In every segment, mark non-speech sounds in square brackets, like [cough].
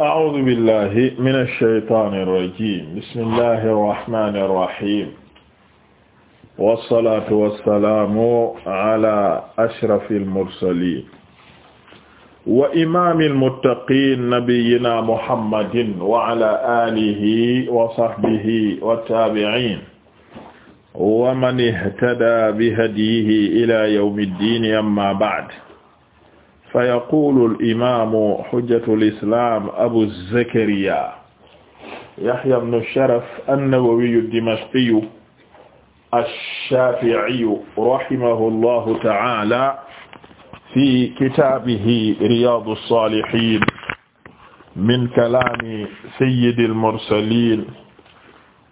أعوذ بالله من الشيطان الرجيم بسم الله الرحمن الرحيم والصلاة والسلام على أشرف المرسلين وإمام المتقين نبينا محمد وعلى آله وصحبه والتابعين ومن اهتدى بهديه إلى يوم الدين أما بعد fa yaqulu al-imaamu hujjatu al-islaam abu zakariyaa yahyaa ibnu sharaf an-nawawiyyu ad-dimashqiyyu ash-shaafi'iyyu rahimahu llaahu ta'aalaa fi kitaabihi riyaadu s-saalihiin min kalaami sayyidi l-mursaliin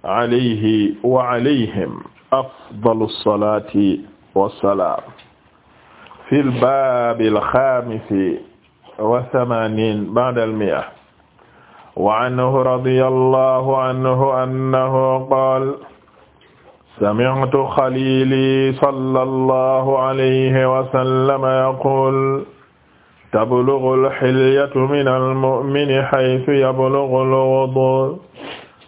alayhi wa alayhim afdalu s-salaati wa s-salaam fil baabil xaamisi wa samaaniin ba'dal mi'a wa anhu radiyallahu anhu annahu qaala sami'tu xaliili sallallahu alayhi wa sallam yaquulu tablughu al-hilyatu mina al-mu'mini haysu yablughu al-wuduu'u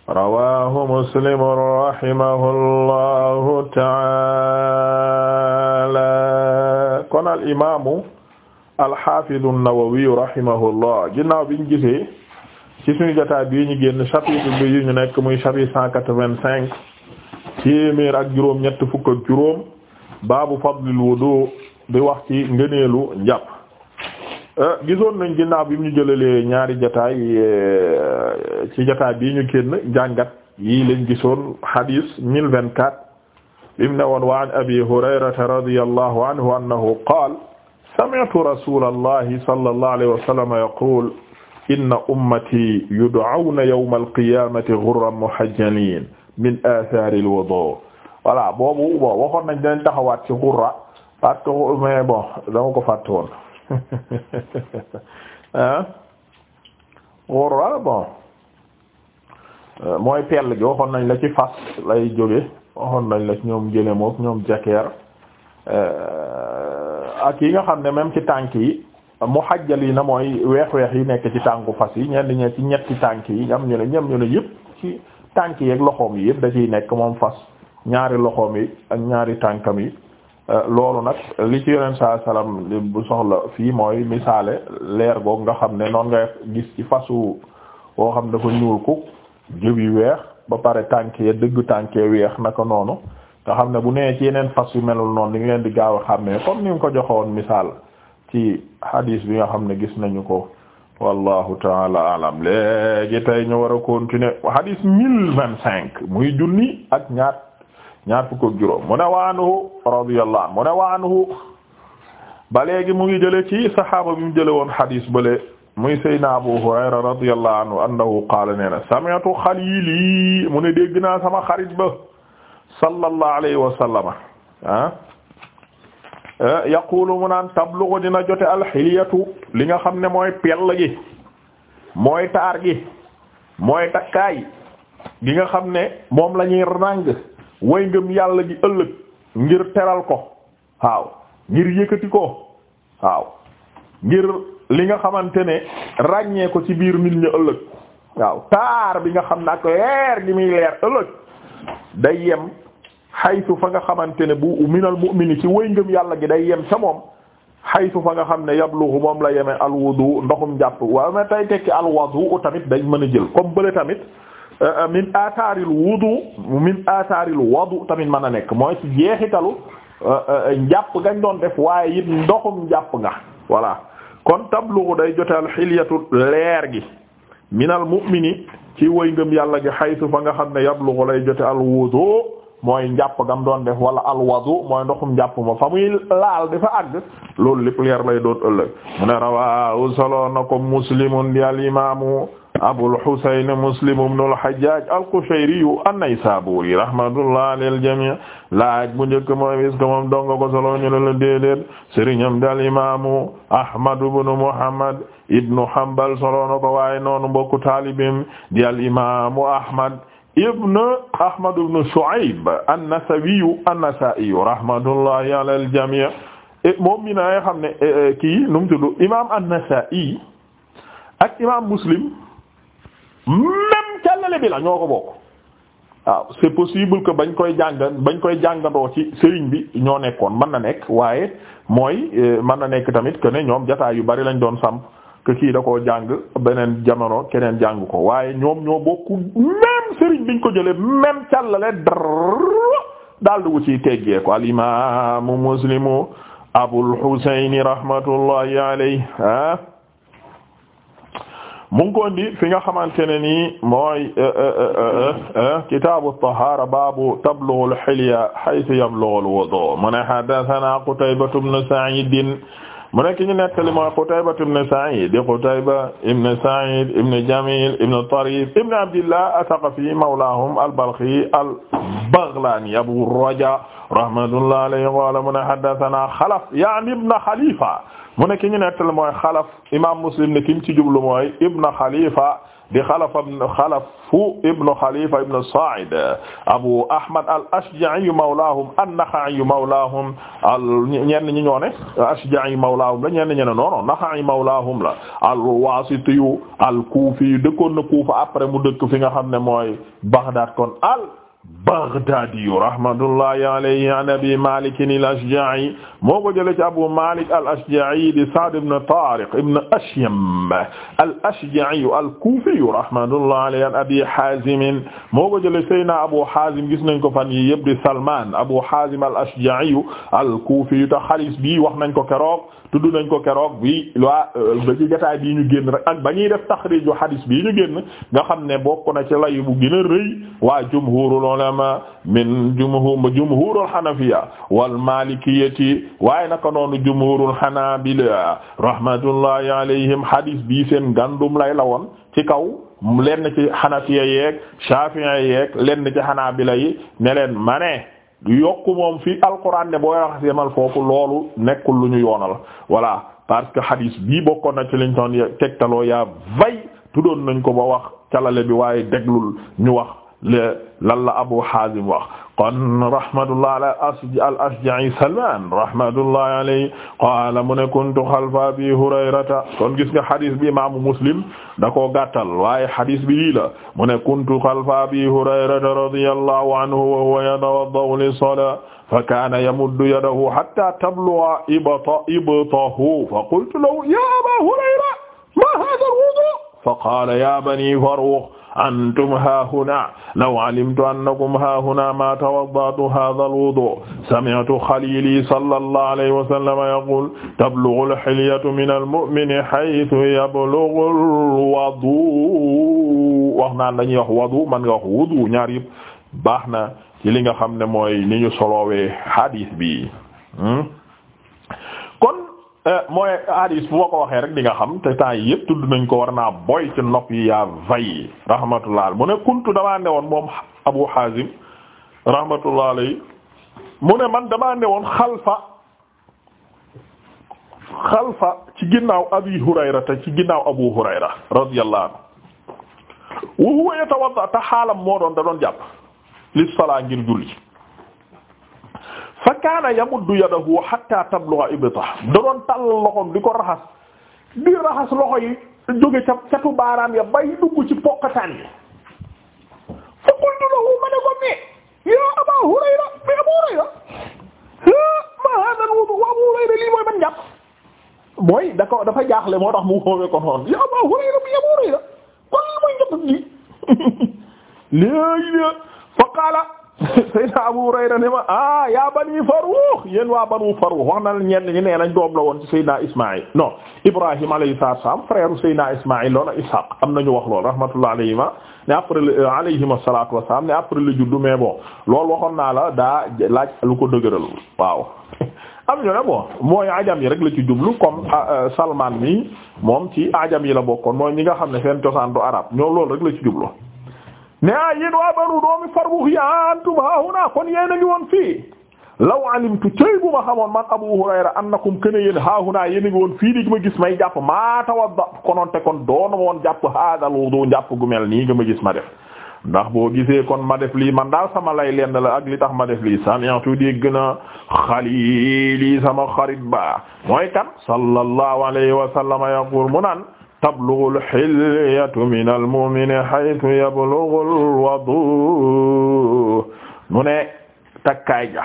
rawaahu muslim rahimahullahu ta'ala kon al imaamu alxaafidu an-Nawawi rahimahullah ginnaaw biñ gisee ci suñu jotaay bii ñu génn chapitre bi yu ñu nekk muy chapitre cent quatre-vingt-cinq téeméer ak juróom ñett fukk ak juróom baabu fadlil wudu di wax ci ngëneelu njàpp Euh, gisoon nañ ginnaaw bi mu ñu jëlalee ñaari jataay euh, ci jataay bii ñu kenn jàngat yi lañ gisoon hadis mille vingt quatre bimu ne woon wa an abi hurayrata radiyallahu anhu annahu qaal sami'tu rasulallahi sallallahu alayhi wa sallam yaqul inna ummati yud'awna yawma alqiyamati ghurran muhajjalin min athari alwudu voilà boobu bon waxoon nañ dañ taxawaat ci ghurra parce que mais bon dama ko fàtte woon [laughs] ah wara bon euh, mooy pell gi waxoon nañ la ci fas lay jóge waxoon nañ la ci ñoom gëléem ak ñoom jakeer euh, ak yi nga xam ne même ci tànk yi mu xajjal yi na mooy weex-weex yi nekk ci tànku fas yi ñenn ñe ci ñetti tànk yi am ñu ne ñam ñu ne yëpp ci tànk yi ak loxoom yi yëpp daciy nekk moom fas ñaari loxoom yi ak ñaari tànkam yi loolu nag li ci yeneen saa salaam bu soxla fii mooy misaale leer googu nga xam ne noonu nga gis ci fasu boo xam dafa ñuul ko jëb yu weex ba pare tànk tànkee dëgg tànkee weex naka noonu nga xam ne bu nee ci yeneen fas yu melul noonu li nga leen di gaaw a xàmmee comme ni nga ko joxoon misaal ci hadis bi nga xam ne gis nañu ko wallahu taala alam léegi tey ñu war a continuer hadis mille vingt cinq muy junni ak ñaar ñaar fukk ak juróom mu ne wa anhu radiyallahu anhu mu ne wa anhu ba léegi mu ngi jële ci saxaaba bi mu jële woon xadiis bale muy Seydina Abu Hurayra radiyallahu anhu annahu qaala nee na sami'tu mu ne dégg naa sama xarit ba sallallahu alayhi wa sallama ah yaqulu mu naan tablugu dina jote alxiliyatu li nga xam ne mooy pell gi mooy taar gi mooy takkaay gi nga xam ne moom la ñuy ràng way ngëm yàlla gi ëllëg ngir teral ko waaw ngir yëkkati ko waaw ngir li nga xamante ne ràññee ko ci biir nit ñi ëllëg waaw taar bi nga xam ne ak leer gi muy leer ëllëg day yem xaytu fa nga xamante ne bu minal mu'mini ci way ngëm yàlla gi day yem sa moom xaytu fa nga xam ne yabluhu moom la yeme wu ndoxum jàpp waaye ma tey tekki alwudu tamit day mën a jël comme bële tamit Euh, euh, min atharil wudu min atharil wudu tamit mën a nekk mooy ci jeexitalu euh, njàpp gañ doon def waaye it ndoxum njàpp nga voilà kon tablugu day jote alxilyatu leer gi minal mu'mini ci way ngëm yàlla gi xaytu fa nga xam ne yablugu lay jote al wudu mooy njàpp gam doon def wala al wudu mooy ndoxum njàpp ma fa muy laal dafa àgg loolu lépp leer lay doon ëllëg mu ne rawaahu solo na ko al imaamu Abul Husayn Muslim ibn al-Hajjaj al-Qushayri an-Naysaburi rahmatullah alal jami' laaj bu njëkk mooy est-ce que moom dong ko solo ñu la déedéet sëriñam dal imaamu Ahmad ibn Muhammad ibn Hanbal solo na ko waaye noonu mbokku taalibim di al imaamu Ahmad ibn Ahmad ibn Shu'ayb an-Nasawi an-Nasa'i rahmatullah alal jami' e, moom mi na xam ne e, e, kii nu mu tudd imaam an-Nasa'i ak imaam Muslim même càllale bi la ñoo ko bokk waaw c'est possible que bañ koy jàng bañ koy jàngandoo ci sëriñ bi ñoo nekkoon mën na nekk waaye mooy euh, man na nekk tamit que ñoom jataay yu bari lañ doon samp que kii da koo jàng beneen jamono keneen jàng ko waaye ñoom ñoo bokk même sëriñ biñ ko jëlee même càllale dara daal di wu ciy teggee ko al imaamu muslimu abul husayni rahmatullahi alayhi ah mu ngi ko indi fi nga xamante ne nii mooy eh, eh, eh, kitaabu tahaara baabu tablughu al-hilya haythu yablughu al-wudu' mu ne haddathanaa Qutaybatu bnu Sa'iid mu nekk ñu nettali mooy Qutayba ibn Sa'id Qutayba ibn Sa'id ibn Jamil ibn Tarif ibn Abdillah Ath-Thaqafi mawlahum al-Balkhi al-Baghlani Abu Raja rahmatullahi alayhi qala mu ne haddathana Khalaf ya'ni ibn Khalifa mu nekk ñu nettali mooy Khalaf imam Muslim ne kim ci jublu mooy ibn Khalifa di xalaf xalafu ibnu xalifa ibnu Sa'id Abu Ahmad al-Ashja'i mawlaahum an-Nakha'i mawlaahum ñenn ñi ñoo ne al-Ashja'i mawlaahum la ñenn ñi ne non non Nakha'i mawlaahum la al-Wasitiyu al-Kufi dëkkoon na Kufa après mu dëkk fi nga xam ne mooy Baghdad kon al Baghdadi rahmatullahi alayhi an Abi Malik al-Ashja'i moo ko jëlee ci Abu Malik al-Ashja'i di Sa'd ibn Tariq ibn Ashyam al-Ashja'i al-Kufi rahmatullahi alayhi an Abi Hazim moo ko jëlee Seyna Abu Hazim gis nañ ko fan yii yëpp di Salman Abu Hazim al-Ashja'i al-Kufi ta xalis bi wax nañ ko keroog tudd nañ ko keroog bi waa euh, ba ci bii ñu génn rek ak ba ñuy def taxriju hadis bii ñu génn nga xam ne bokk na ci layu bu gën a rëy waa jumhurul ulama min jumhur jumhurul hanafiya wal malikiyati waaye naka noonu jumhurul hanabila rahmatullahi alayhim hadis bii seen gandum lay la woon ci kaw lenn ci hanafiya yeeg shafi'i yeeg lenn ci hanabila yi ne leen mane yokk moom fii alquran ne booy wax foofu loolu nekkul lu ñu yoonal voilà parce que hadis bii bokkoon na ci liñ doon tegtaloo yaa vay tuddoon nañ ko ba wax calale bi waaye déglul ñu wax le lan la Abu Hazim wax kon rahmatullah ala al Ashja'i Salman rahmatullahi alayhi qaala mu ne kuntu xalfa Abi Hurayrata kon gis nga xadis bi imaamu Muslim da koo gàttal waaye xadis bi lii la mu ne kuntu xalfa Abi Hurayrata radiyallahu anhu wa huwa yatawadda'u lis-salaa fa kaana yamuddu yadahu hatta tabluwa ibtahu fa qultu lahu ya Aba Hurayra ma haadha al-wudu' fa qaala ya bani Farrukh antum haahuna law alimtu annakum haahuna ma tawadda'tu haadha alwudu sami'tu xalili sallallahu alayhi wa sallam yaqul tablughu alhilyatu min almu'mini haythu yablughu alwudu wax naan dañuy wax wudu man nga wax wudu ñaar yëpp baax na ci li nga xam ne mooy ni ñu solowee hadith bi hmm? Euh, mooy hadis bu ma ko waxee rek di nga xam te temps yi yëpp tudd nañ ko war naa boy ci nopp yi yaa vay rahmatullah mu ne kuntu damaa woon moom Abu Hazim rahmatullah mu ne man damaa woon xalfa xalfa ci ginnaaw Abi Hurayra te ci ginnaaw Abu Hurayra radiyallahu anhu wa huwa yatawadda te xaalam moo doon da doon jàpp li ngir julli kaana yamuddu yadahu hatta tabluwa ibtah da doon tàllal loxoom di ko raxas di raxas loxo yi jóge ca catu baaraam ya bay dugg ci pokataan yi fa ya aba hurayra mi abu hurayra hurayra mu ya aba hurayra mi abu mooy njëpp gi [laughs] léegi fa qaala Seydina [laughs] Abu Hurayra ne ma ah yaa bani Farrukh yéen waa banu Farrukh wax na la ñenn ñi nee nañ doom la woon ci Seydina Ismaïl non Ibrahim alayhi salaam frère Seydina Ismaïl loolu Ishaq am nañu wax lool rahmatullah alayhima ne après euh, alayhima salaatu wassalaam ne après le juddu mais bon loolu waxoon naa la daa laaj lu ko dëgëral waaw. [laughs] am ñu ne bon mooy ajam yi rek la ci jublu comme ah, euh, Salman mi moom ci ajam yi la bokkoon mooy ñi nga xam ne seen cosaan du arab ñoom loolu rek la ci jublu. ne ah yéen waa banu doomi Farrukhya antum haahuna kon yéen a ngi woon fii law alimtu cey bu ma xamoon man Abu Hurayra annakum kene yéen haahuna yéen a ngi woon fii di ma gis may jàpp maa tawadda konoon te kon doon woon jàpp haadal wudu jàpp gu nii nga ma gis ma def. ndax boo gisee kon ma def lii man daal sama lay lenn la ak tax ma def lii sami'tu dégg na xaliili sama xarit ba mooy kan sallallahu alayhi wa sallam mu naan tablughul hilyatu minal mu'mini haythu yablughul wadu mu ne takkaay ja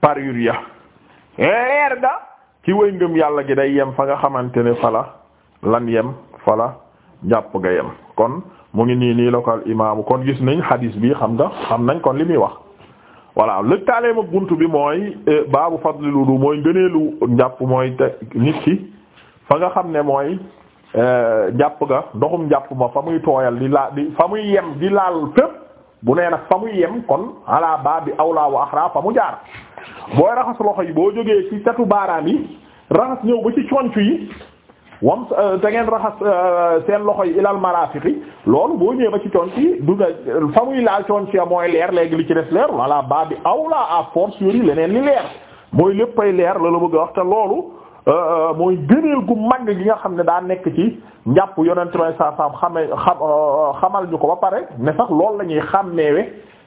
parure ya leer ga ci wëy ngëm yàlla gi day yem fa nga xamante ne fala lan yem fala njàpp nga yem kon mu ngi nii nii la imaamu kon gis nañ hadis bi xam nga xam nañ kon li muy wax voilà lëkkaale ma bunt bi mooy e, baabu lu du mooy ngëneelu njàpp mooy te nit ki fa nga xam ne mooy Euh, jàpp ga ndoxum jàpp ma fa muy tooyal di laa di fa muy yem di laal fépp bu nee nag fa muy yem kon ala ba bi awla wa axra fa mu jaar booy raxas loxo yi boo jógee ci catu baaraam yi raxas ñëw ba ci conc yi wam euh, te ngeen raxas euh, seen loxo yi ilal marafiqi loolu boo ñëwee ba ci conc yi du nga fa muy laal conc ya mooy leer léegi li ci des leer ala ba bi awla à force yori leneen li leer mooy léppay leer la la bëgg a wax te loolu Euh, mooy gëneel gu mag gi nga xam ne daa nekk ci njàpp yonent may saa saam xame xam euh, xamal ñu ko ba pare ne sax loolu la ñuy xàmmeewe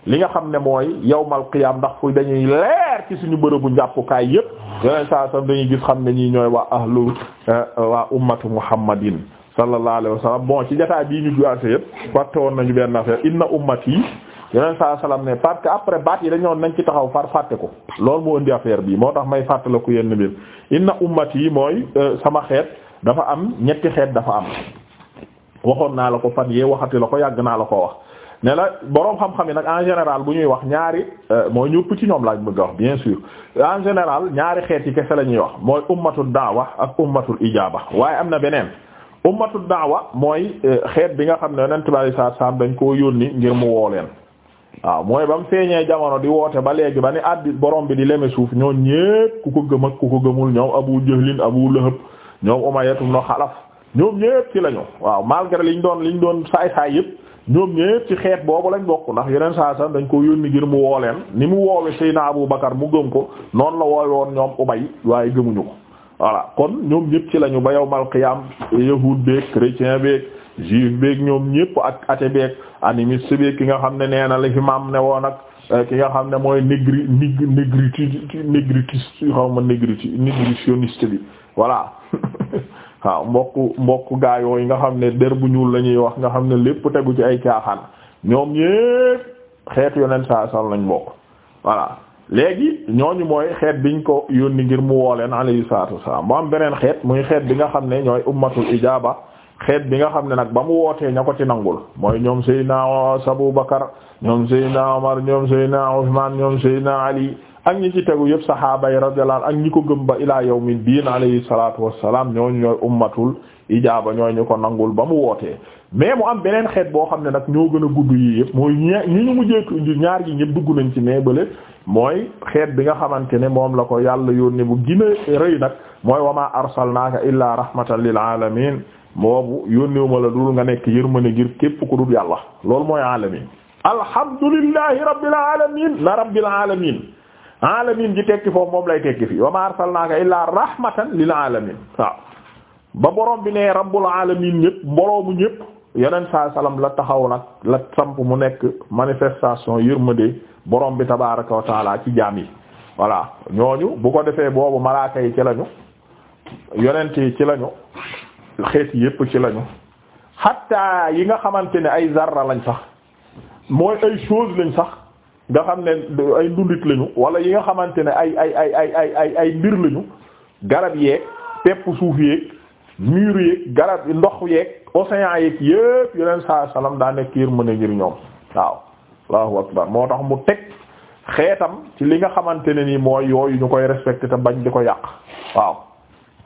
li nga xam ne mooy yawmal qiyaam ndax fu dañuy leer ci suñu bërëbu njàppukaay yépp yonent saa saam dañuy gis xam ne ñii ñooy waa ahlu euh, waa ummatu muhammadin sallallahu alayhi wa sallam bon ci jotaay bii ñu juwaase yépp fàtte woon nañu benn affaire inna ummati yeneen saa salaam ne parce que après baat yi dañoon nañ ci taxaw far fàtte ko loolu moo indi affaire bi moo tax may fàttala ko yenn mbir inna ummat yi mooy euh, sama xeet dafa am ñetti xeet dafa am waxoon naa la ko fan yee waxati la ko yàgg naa la ko wax ne la boroom xam-xam yi nag en général bu ñuy wax ñaari euh, mooy ñëpp ci ñoom laaj bëgg a wax bien sûr en général ñaari xeet yi kese la ñuy wax mooy ummatul daawa ak ummatul ijaaba waaye am na beneen ummatul daawa mooy euh, xeet bi nga xam ne yonent bi sallallahu alayhi dañ koo yónni ngir mu woo leen waaw mooy ba mu feeñee jamono di woote ba léegi ba ni àddi boroom bi di leme suuf ñoom ñépp ku ko gëm ak ku ko gëmul ñoom Abu Jahlin Abu Lahab ñoom Umayyatu no Xalaf ñoom ñépp ci lañu waaw li ñu doon li liñ doon saay saay yépp ñoom ñépp ci xeet boobu lañ bokk ndax yeneen saa sax dañ ko yónni ngir mu woo leen ni mu woowe Seydina Abu Bakar mu gëm ko noonu la woowe woon ñoom Ubay waaye gëmuñu ko voilà kon ñoom ñépp ci lañu ba yawmal qiyaam yahud beek chrétien beek juif beeg ñoom ñépp ak athée beeg animiste beeg ki nga xam ne nee na la imam ne woon ak eh, ki nga xam ne mooy négri négritude négritiste xaw ma négritude négrititionniste bi voilà [laughs] waaw mbokk mbokk gaa yooyu nga xam ne der bu ñuul la ñuy wax nga xam ne lépp tegu ci ay caaxaan ñoom ñépp xeet yoneen saa sal lañ bokk voilà léegi ñooñu mooy xeet biñ ko yónni ngir mu woo leen alayhi salaatu wassalaam mu am beneen xeet muy xeet bi nga xam ne ñooy ummatul ijaaba xeet bi nga xam ne nag ba mu wootee ña ko ci nangul mooy ñoom Seydina Abu Bakar ñoom Seydina Omar ñoom Seydina Usman ñoom Seydina Ali ak ñi ci tegu yëpp saxaaba yi radiyallahu ak ñi ko gëm ba ilaa yawmi diin alayhi salaatu wassalaam ñooñu ñooy ummatul ijaaba ñooy ñu ko nangul ba mu wootee mais mu am beneen xeet boo xam ne nag ñoo gën a gudd yii yëpp mooy ñe ñi ñu mujjee ñaar yi ñëpp dugg nañ ci mais bële mooy xeet bi nga xamante ne moom la ko yàlla yónnee bu gën a rëy nag mooy wa maa arsalnaaka illaa rahmatan lil aalamiin boobu yónneewuma la dul nga nekk yërmande ngir képp ku dul yàlla loolu mooy alamin alhamdulillahi rabbil alamin la rabbil alamin alamin ji tekki foofu moom lay tekki fi wa ma arsalnaaka illaa rahmatan lil alamin waaw ba borom bi ne rabbul alamin ñëpp mboroomu ñëpp yeneen saa la taxaw nag la samp mu nekk manifestation yërmande borom bi tabaaraka wa ci jaam yi voilà ñooñu bu ko defee boobu malaaka yi ci lañu yonent ci lañu xeet yépp ci lañu xatta yi nga xamante ne ay zarra lañ sax mooy ay chose lañ sax nga xam ne ay ndundit lañu wala yi nga xamante ne ay ay ay ay ay ay mbir lañu garab yeeg pepp suuf yeeg mur yeeg garab ndox yeeg océan yeeg yépp yeneen saa salaam daa nekk yër mën ne ngir ñoom waaw allahu akbar moo tax mu teg xeetam ci li nga xamante ne nii mooy yooyu ñu koy respecté te bañ di ko yàq waaw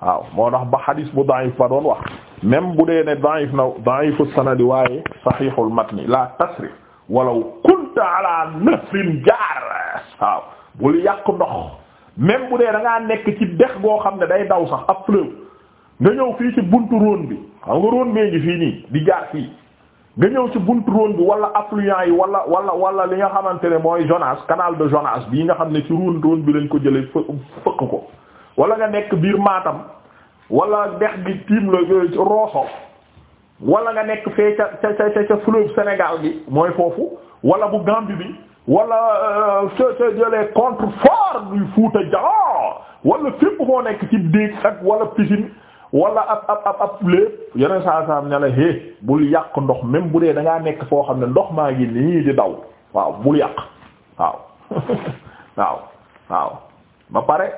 waaw moo tax ba xadis bu da'if ba doon wax même bu dee ne da'if na da'ifu sanadi waaye sahihul matni la tasrif walaw kunta ala nahrin jaar waaw bul yàq ndox même bu dee da nekk ci dex goo xam ne day daw sax ab nga ñëw fii ci buntu Rhône bi xam fii di jaar ñëw ci buntu Rhône bi wala affluent yi wala wala wala li nga xamante ne mooy Jonas canal de Jonas bii nga xam ne ci Rhône Rhône bi lañ ko jëlee fë fëkk ko wala nga nekk biir maatam walla dex gi tiim la rooso wala nga nekk fee ca ca ca ca fleuve Sénégal gi mooy foofu wala bu Gambie bi wala euh, ca ca jëlee contreforts du Fouta Djallon wala fépp moo nekk ci déeg ak wala pisin wala ab ab ab ab lépp yeneen saa saa ne la hé bul yàq ndox même bu dee da nekk foo xam ne ndox maa gi nii di daw waaw bul yàq waaw [laughs] waaw waaw ba pare.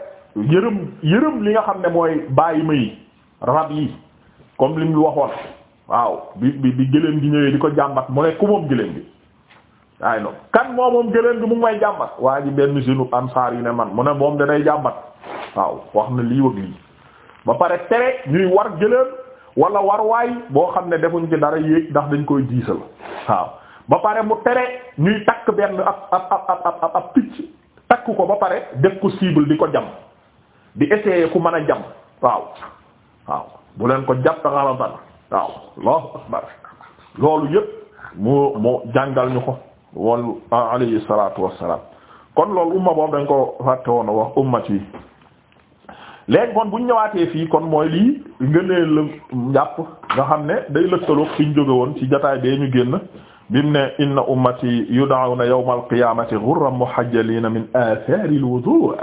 yërëm yërëm li nga xam ne mooy bàyyi may rab yi comme lim waxoon waaw bi bi bi gëléem gi ñëwee di ko jàmbat mu ne ku moom gëléem gi waaye noonu kan moom gëléem gi mu ngi may jàmbat waa ji benn sinu ansaar yu ne man mu ne moom danay jàmbat waaw wax na lii wëg lii ba pare tere ñuy war gëléem wala war waay boo xam ne defuñ ci dara yéeg ndax dañ koy diisal waaw ba pare mu tere ñuy takk benn ab ab ab ab ab picc takk ko ba pare def ko cible di ko jam bi essayer ku mën a jam waaw waaw bu leen ko jàpp xalatan waaw allahu akbar loolu yëpp moo moo jàngal ñu ko woon alayhi salatu wassalam kon loolu umma boobu dañ ko fàtte woon wax ummat yi kon buñ ñëwaatee fii kon mooy lii ngëneel la njàpp nga xam ne day lëkkaloog fi ñu jóge woon ci jataay bee ñu génn bimu ne inna ummati yud'awna yawma alqiyamati ghurran muhajjalina min athari alwudu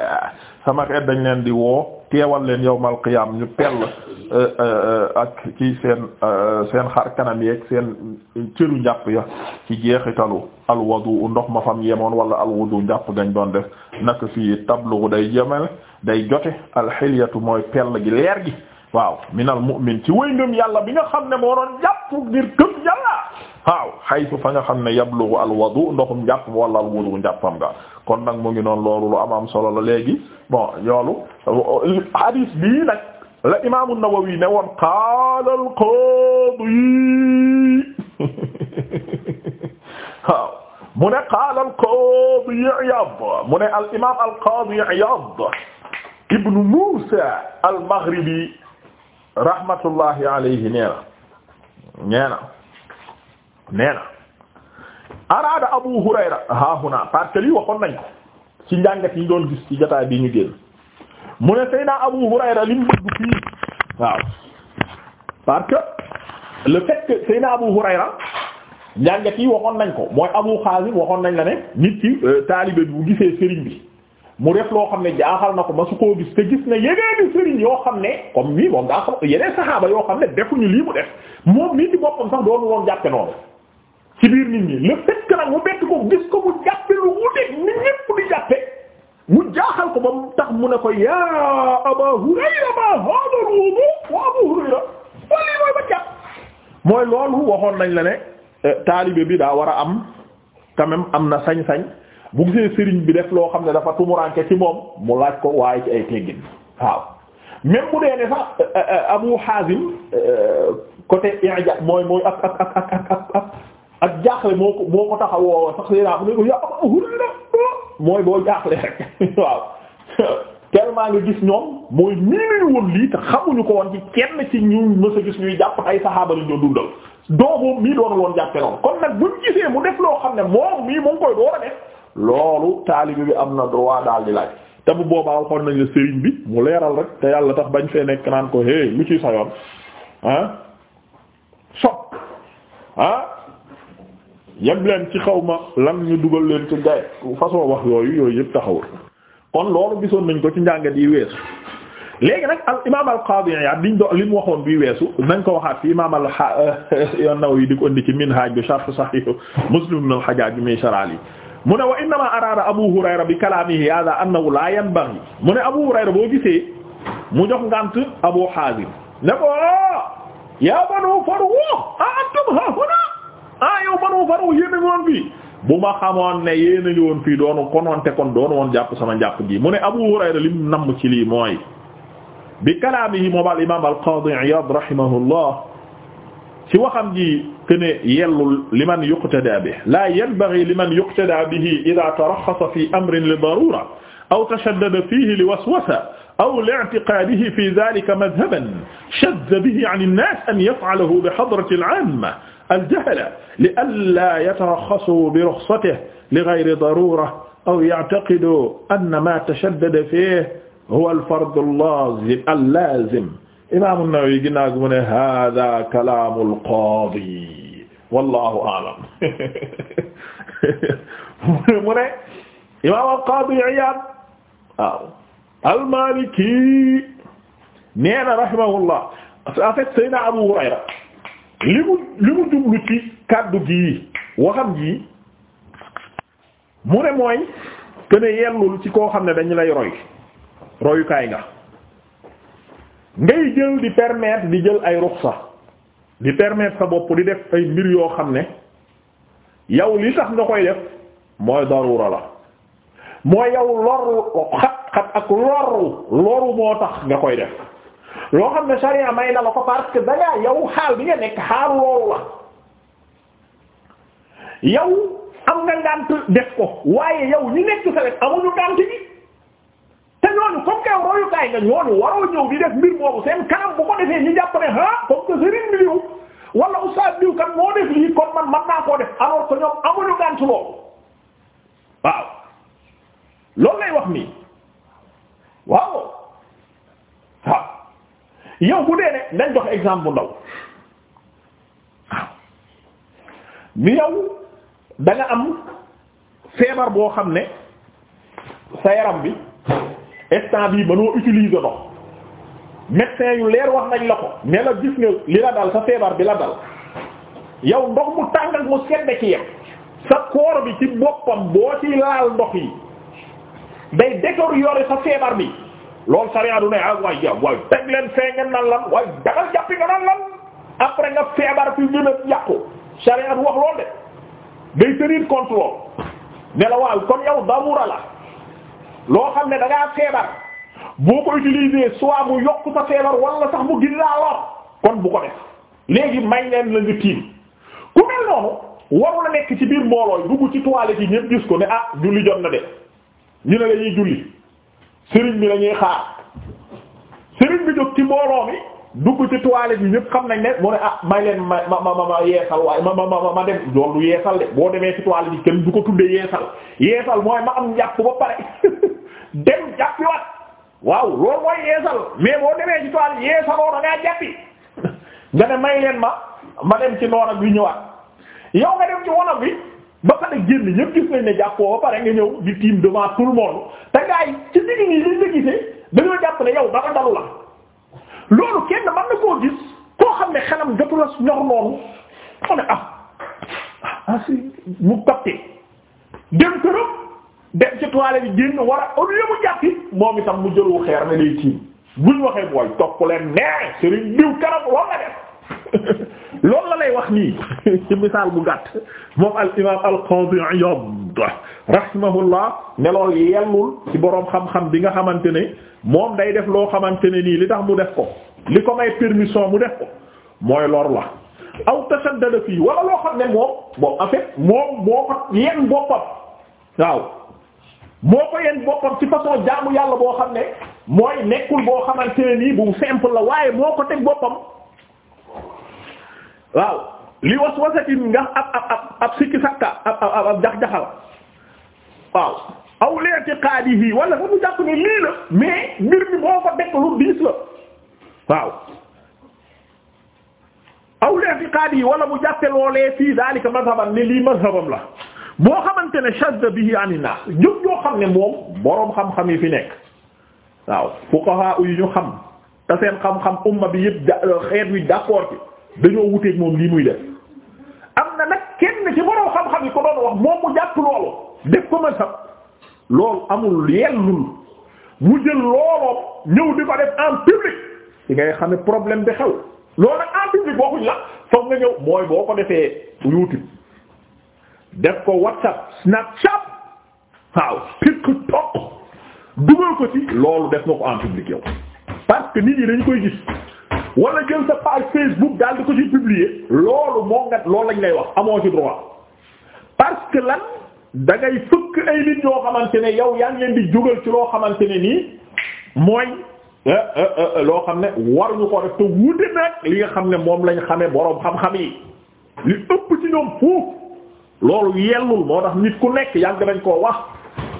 sama xeet dañ leen di woo teewal leen yawmal qiyaam ñu pell euh, euh, ak ci seen euh, seen xar kanam yeek seen cëru njàpp ya ci jeexitalu alwudu ndox ma fam yemoon wala alwudu njàpp dañ doon def naka fii tablugu day jëmale day jote alxilyatu mooy pel gi leer gi waaw minal mu'min ci wëy ngëm yàlla bi nga xam ne moo doon jàpp ngir gëm yàlla waaw xaytu fa nga xam ne yablugu alwadu ndoxum njàpp wala alwudu njàppam nga kon nag mu ngi noonu loolu lu am am solo la léegi bon yoolu hadis bii nag la imaamu Nawawi ne woon qaala al-Qaadi [laughs] waaw mu ne qaala al-Qaadi Iyaad mu ne al imaam al-Qaadi Iyaad ibnu Muusaa al-Maghribi rahmatullahi alayhi nee na nee na nee na araada Abu Hurayra haahuna parce lii waxoon nañ ko ci njàngat yi doon gis ci jotaay bi ñu génn mu ne Seydina Abu Hurayra lim dugg fii waaw parce le fait que Seydina Abu Hurayra njàngat yi waxoon nañ ko mooy Abu Xaasim waxoon nañ la ne nit ki euh, taalibe bu gisee sëriñ bi mu def loo xam ne jaaxal na ko ma su koo gis te gis na yeneen sëriñ yoo xam ne comme nii moom daa xam yeneen saxaaba yoo xam ne defuñu lii mu def moom mii ci boppam sax doonu woon jàppe noonu ci biir nit ñi le fait que nag mu bett ko gis ko mu jàppe lu wute ni ñépp di jàppe mu jaaxal ko ba mu tax mu ne ko yaa Aba Hurayra ma hada al-wudu wa Abu Hurayra wala mooy ba jàpp mooy loolu waxoon nañ la ne eh, taalibe bi daa war a am quand même am na sañ-sañ bu gisee sëriñ bi def loo xam ne dafa tumuranke ci moom mu laaj ko waaye ci ay teggin waaw même bu dee ne sax eh, eh, Abu Hazim côté i'jab mooy mooy ak ak ak ak ak ak jaaxle moo ko moo ko tax a woo sax si naa ne ko yaa Abaa mooy boo jaaxle rek [laughs] waaw tellement nga gis ñoom mooy miinu woon lii te xamuñu ko woon ci kenn ci ñu mës gis ñuy jàpp ay saxaaba lañ doon dundal doomu woon jàppe loo xam ne moom mii mu ngi loolu taalibe bi am na droit daal di laaj te bu boobaa waxoon nañ la sëriñ bi mu leeral rek te yàlla tax bañ fee nekk naan ko hey lu ci sa yoon ah sob yem leen ci xaw ma lan ñu dugal leen ci gaay façon wax yooyu yooyu yëpp taxawul kon loo gisoon nañ ko ci njàngat yi weesu léegi nag al imaam al qaadi Iyaad liñ do li mu waxoon bi weesu nañ ko waxaat fi imaam al [laughs] Nawawi di ko indi ci Minhaaj bi sharh Sahih Muslim ibn al Hajjaaj bi sharh yi mu ne wa innama araada Abu Hurayra bi kalaamihi haaza annahu laa yanbaghi mu ne Abu Hurayra boo gisee mu jox ngànt Abu Haazim ne ko yaa banu Farrukh antum haahunaa ah yow banu faru yéen a ngi woon fii bu ma xamoon ne yéen a ngi woon fii doonu konoon te kon doonu woon jàpp sama njàpp gi mu ne Abu Hurayra li mu namm ci lii mooy bi kalaamihi moom al imaam al qaadi Iyaad rahimahullah ci waxam ji que ne yellul liman yuqtada bihi laa yanbaghi liman yuqtada bihi idha tarakhkhasa fi amrin li darura aw tashaddada fihi li waswasa aw li'tiqadihi fi dhalika madhhaban shadda bihi 'an an-nas an yaf'alahu bi hadrati al-'amma aljahala li allaa yataraxasu bi ruxsatihi li gayri daruura aw yactaqidu anna maa tashaddada fiihi huwa alfardu allaazim allaazim imaam an-Nawawi ginnaaw gi mu ne haadaa kalaamu al-qaadi wallaahu a'lam mu ne imaam al-qaadi Iyaad waaw al-Maaliki nee na rahimahullah en fait Seydina Abu Hurayra li mu li mu jublu ci kàddu gi waxam ji mu ne mooy que ne yellul ci koo xam ne dañu lay roy royukaay nga ngay jël di permettre di jël ay ruxsa di permettre sa bopp di def ay mbir yoo xam ne yow li tax nga koy def mooy darura la mooy yow loru xat xat ak loru loru moo tax nga koy def loo xam ne sharia may na la ko parce que da ngaa yow xaal bi nga nekk xaalu loolu la yow am nga ngànt def ko waaye yow ñu nekk sa amuñu ngànt gi te ñooñu comme que royukaay nga ñooñu waroo ñëw di def mbir boobu seen kanam bu ko defee ñu jàpp ne ah comme que sëriñ bi diw wala oustaz diw kan moo def lii kon man man naa koo def alors que ñoom amuñu ngànt loolu waaw loolu lay wax nii waaw yow bu dee ne dañ jox exemple bu ndaw waaw yow da am feebar boo xam ne sa yaram bi instant bii mënoo utilise ndox médecin yu leer wax nañ la ko ne la gis nga li la dal sa feebar bi la dal yow ndox mu tàng ak mu sedd ci yem sa koor bi ci boppam boo ci laal ndox yi day détérioré sa feebar bi loolu sariya du ne ah waay ja waay teg leen fee ngeen naan lan waay dagal jàppi nga naan lan après nga feebar fi gën a yàqu sariya du wax lool de day tenir compte lool kon yow darura la loo xam ne da ngaa feebar boo ko utiliser soit mu yokk sa feebar wala sax mu gën laa lor kon bu ko def léegi may leen la ñu tiim ku mel noonu waru la nekk ci biir mboolooy dugg ci toilette yi ñëpp gis ko ne ah julli jot na de ñu ne la ñuy julli. sëriñ bi lañuy xaar sëriñ bi jóg ci mbooloo mi dugg ci toilette bi ñëpp xam nañ ne mu ne ah may leen ma ma ma ma yeesal waaye ma ma ma dem loolu du yeesal de boo demee ci toilette bi kenn du ko tuddee yeesal yeesal mooy ma am njàpp ba pare [laughs] dem jàppiwaat waaw loolu mooy yeesal mais boo demee ci toilette yeesaloo da ngaa jàppi [laughs] nga ne may leen ma ma dem ci noona bi ñëwaat yow nga dem ci wona bi. ba pare génn ñëpp gis nañ ne jàppoo ba pare nga ñëw di tiim devant tout le monde te gars yi ci digg nii liñ la gisee dañoo jàpp ne yow dara dalu la loolu kenn mën na koo koo xam ne xanam jotu la ñor noonu mu ne ah ah si mu capté dem këram dem ci toilette bi génn war a au lieu mu jàppi moom itam mu jëlu xeer ne day tiim buñ waxee booy topp leen nee Serigne diw karam loolu la def. [laughs] lool la lay wax nii [laughs] ci misaal bu gàtt moom al imaam al qadi Iyad rahimahullah ne lool yellul ci boroom xam-xam bi nga xamante ne moom day def loo xamante ne nii li tax mu def ko li ko may permission mu def ko mooy lor la aw tasaddada fii wala loo xam ne moom bon en moom moo ko yenn boppam waaw moo ko yenn boppam ci façon jaamu yàlla boo xam ne mooy nekkul boo xamante ne nii bu simple la waaye moo ko teg boppam waaw li waswasatin nga ab ab ab ab sikki sakka ab ab ab jax-jaxal waaw aw li'tiqadihi wala sax mu jàpp ne lii la mais mbir mi boo ko dekk lu diis la waaw aw li'tiqadihi wala mu jàppe loolee fii daalika mazhaban ne lii mazhabam la boo xamante ne shadda bihi ani nas jóg yoo xam ne moom boroom xam-xam yi fi nekk waaw fuqaha yu ñu xam te seen xam-xam umma bi yëpp xeet wi d'accord ci dañoo wuteeg moom lii muy def am na nag kenn ci borom xam-xam yi ko doon wax moom mu jàpp loolu def ko ma sax loolu amul yellul mu jël looloo ñëw di ko def en public di ngay xam ne problème bi xew loolu nag en public bokkuñ la foog nga ñëw mooy boo ko defee YouTube def ko WhatsApp Snapchat waaw TikTok dugal ko ci loolu def nga ko en public yow parce que nit ñi dañ koy gis wala jël sa page Facebook daal di ko ci publier loolu moo nga loolu lañ lay wax amoo ci droit parce que lan dangay ngay fëkk ay nit yoo xamante ne yow yaa ngi leen di jógal ci loo xamante ne nii mooy eh, eh, eh, loo xam ne waruñu ko def te wuute nag li nga xam ne moom lañ xamee boroom xam-xam yi li ëpp ci ñoom foofu loolu yellul moo tax nit ku nekk yàgg nañ koo wax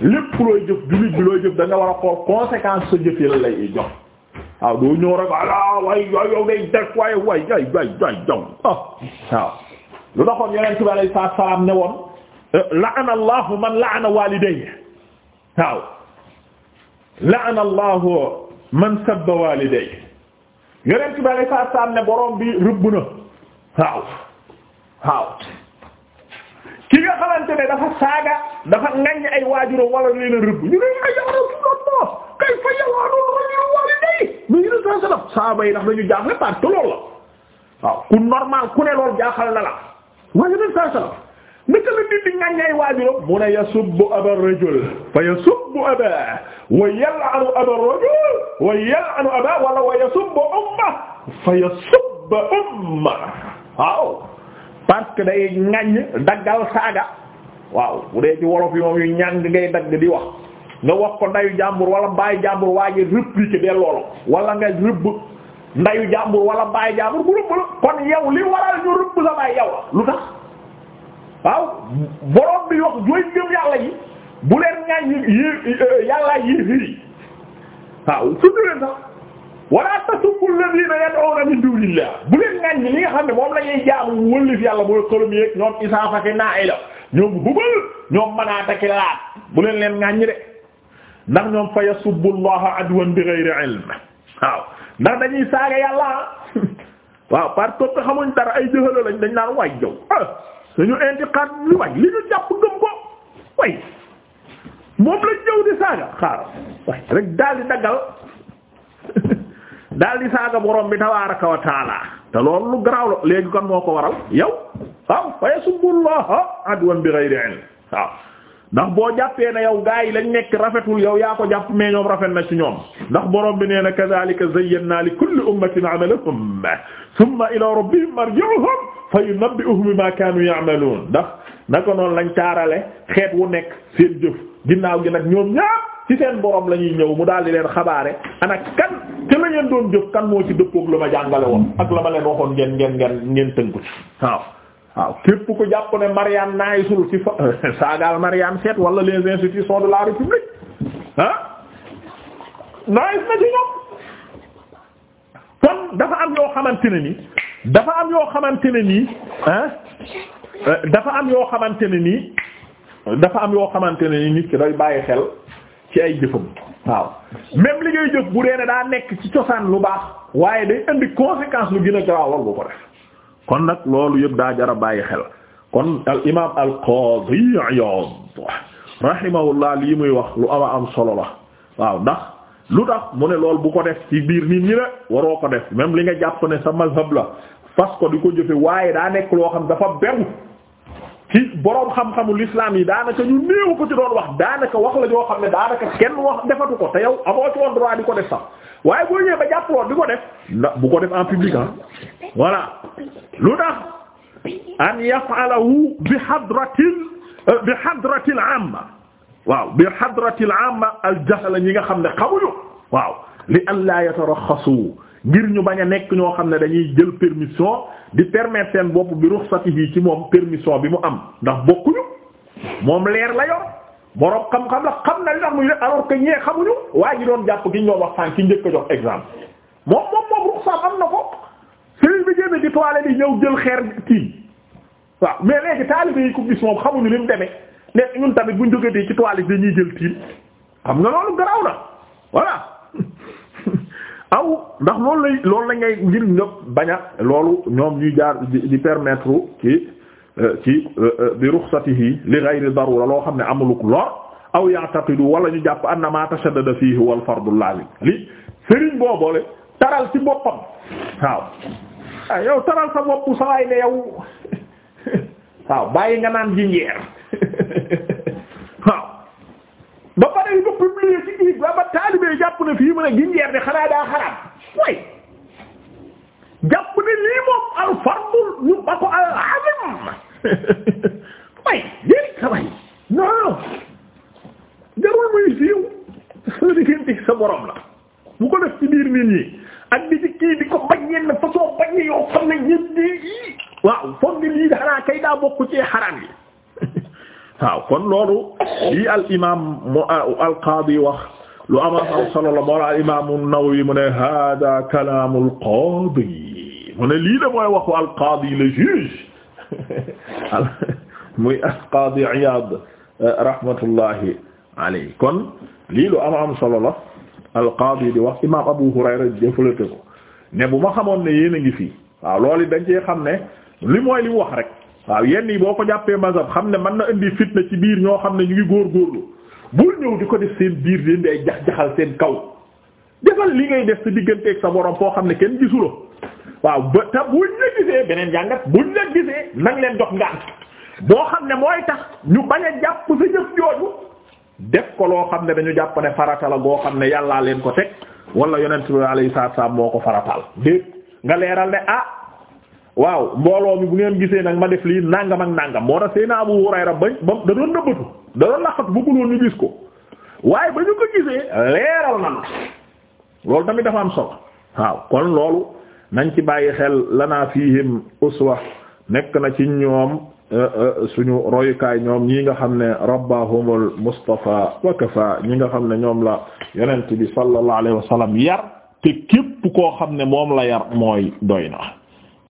lépp looy jëf jullit bi looy jëf da war a xool conséquence sa jëf la lay jox. waaw doo ñëw rek ala way yow yow day def waaye way way way way jaw ah waaw lu doxoon yonent bi alayhi salaatu salaam ne woon eh, la'ana allahu man la'ana walidayhi waaw la'ana allahu man sabba walidayhi yonent bi alayhi salaatu salaam ne borom bi rëbb na waaw waaw ki nga xamante ne dafa saaga dafa ngañ ay waajuram wala leen a rëbb ñu ne ay yow rek kayfa yawaanul rajulu waalidayhi mu ngi doon saa salaam saaba yi ndax dañu jaaxle parce que loolu la waaw ku normal ku ne loolu jaaxal na la waaye nag saa salaam naka la nit di ñaññay waajuram mu ne yasubbu aba rajul fa yasubbu aba wa yal'anu aba rajul wa wa yasubbu umma fa yasubbu umma waaw parce que day ñaññ daggal saaga waaw bu dee ci wolof yi moom yu ñàng ngay dagg di wax. nga wax ko ndayu jàmbur wala baayu jàmbur waaye répliquer dee wala nga rëbb ndayu jàmbur wala baayu jàmbur bu rëbb la kon yow li waral ñu rëbb sa baay yow lu tax waaw borom bi wax jooy gëm yàlla yi bu leen ñaañ yi yàllaa yi waaw tudd leen sax wala tasubbu alladhina yad'una min dunillah bu leen ñaañ li nga xam ne moom la ñuy jaamu wëllif yàlla mooy xolum yeeg ñoom Isaafa ki Naa'ila ñoom Hubal ñoom Manaata ki Laat bu leen leen ñaañ de. ndax ñoom fa yasubbu llaha adwan bi ghayri ilm waaw ndax dañuy saaga yàlla waaw parce xamuñ dara ay la lañ dañ naan waay jaw ah, suñu intiqaad li waay li ñu jàpp gëm ko way moom lañ jëw di saaga xaaral waay rek daal di daggal [laughs] daal di saaga borom bi tabaaraka wa te loolu lu garaaw la léegi kon moo ko waral yow fa yasubbu llaha adwan bi ghayri ilm waaw ndax boo jàppee na yow gaa yi lañ nekk rafetul yow yaa ko jàpp mais ñoom rafet na ci ñoom ndax boroom bi nee na kadhalika zayyana li kulli ummatin amalahum thumma ila rabbihim marji'uhum fa yunabbi'uhum bima kanu ya'malun ndax naka noonu lañ taarale xeet wu nekk seen jëf ginnaaw gi nag ñoom ñaar ci seen borom la ñuy ñëw mu daal di leen xabaare ana kan te la ngeen doon jëf kan moo ci dëppoog la ma jàngale woon ak la ma leen waxoon ngeen ngeen ngeen ngeen tënku ci waaw waaw képp ku jàpp ne Marianne naaysul ci fa [laughs] saagaal Marianne seet wala les institutions de la République ah naayis na ci ñoom kon dafa am yoo xamante ne ni dafa am yoo xamante ne nii ah, dafa am yoo xamante ne nii dafa am yoo xamante ne ni nit ki day bàyyi xel ci ay jëfam waaw même li ngay jëf bu dee ne daa nekk ci cosaan lu baax waaye day indi conséquence lu gën a garaawal bu ko kon nag loolu yëpp daa jara bàyyi xel kon al imaam al qaadi Iyaad rahimahullah lii muy wax lu ama am solo la waaw ndax lu tax mu ne lool bu ko def ci biir nit ñi la waroo ko def même li nga jàpp ne sa mazhab la fas ko di ko jëfe waaye daa nekk loo xam dafa beru ci boroom xam-xamu l'islam yi daanaka ñu néew ko ci doon wax daanaka wax la joo xam ne daanaka kenn wax defatu ko te yow amoo ci woon droit di ko def sax waaye boo ñëwee di ko def bu ko def en public ah voilà lu tax an yaf'alahu bi hadratil bi euh, bi hadratil amma al jahla ñi nga xam ne xamuñu waaw li ngir ñu bañ a nekk ñoo xam ne dañuy jël permission di permettre seen bopp bi ruxsatihi ci moom permission bi mu am ndax bokkuñu moom leer la yor boroom xam-xam la xam na li tax muy def alors que waa ji doon jàpp ki ñoo wax sànq ki njëkk a jox exemple na ko sëriñ bi jénne ñëw jël xeer tiin waaw mais léegi taalibe yi ko gis moom xamuñu demee ne ñun tamit buñ jógatee ci toilette dañuy jël tiim xam nga loolu garaaw na voilà [laughs] aw ndax loolu lay loolu la ngay ngir ñëpp baña a loolu ñoom ñuy jaar di permettre ci euh, ci euh, euh, bi ruxsatihi li ghayri darura loo xam ne amuluk lor aw ya'taqidu wala ñu jàpp anna ma tashaddada fihi wal fardu lazim li sëriñ booboole taral ci boppam waaw ah yow taral sa bopp sawaay ne yow [laughs] waaw bàyyi nga naan jinjeer [laughs] ne fii mu ne ginjeer bi xanaa daa xaraam way jàpp ne lii moom al fardul ñu ba ko al azim way déedéet sa way non non jarul muy siiw sa diggante sa borom la bu ko def ci biir nit ñi ak di ci kii di ko bañ yenn façon bañ yoo xam ne ñépp di waaw foog ni lii xanaa kay daa bokk ci xaraam yi [laughs] waaw kon loolu lii al imaam mu al qaadi wax lu am am solo la moo la imaam an-Nawawi mu ne hada kalaamu al-qaadi mu ne lii de mooy waxu al-qaadi le juge [laughs] muy al-qaadi Iyaad rahmatullahi kon lii lu am am solo la al-qaadi di wax imaam Abu Hurayra jëfalate ko ne bu ma xamoon ne yéen a ngi fii waaw loolu dañ cee xam ne li mooy li wax rek waaw yenn boo ko jàppee mazhab xam ne man na indi fitna ci biir ñoo xam ne ñu ngi góorgóorlu bul ñëw di ko def seen biir leen day jax jaxal seen kaw defal li ngay def sa digganteeg sa borom foo xam ne kenn gisuloo waaw ba te buñ la gisee beneen jàngat buñ la gisee nang leen jox ngant boo xam ne mooy tax ñu bañ a jàpp sa jëf jooju def ko loo xam ne dañu jàpp ne farata la goo xam ne yàllaa leen ko teg wala yonent bi alayhi salaam moo ko farataal dégg nga leeral ne ah waaw mbooloo mi bu ngeen gisee nag ma def lii nangam ak nangam moo tax Seydina Abu Hurayra bañ ba da doon nëbbatu da doon laqatu bëgguloon ñu gis ko waaye ba ñu ko gisee leeral na loolu tamit dafa am solo waaw kon loolu nañ ci bàyyi xel lanaa fiihim uswa nekk na ci ñoom eh, eh, suñu royukaay ñoom ñi nga xam ne rabbahumul Mustafa wa kafa ñi nga xam ne ñoom la yonent bi sallallahu alayhi wa sallam yar te képp koo xam ne moom la yar mooy doy na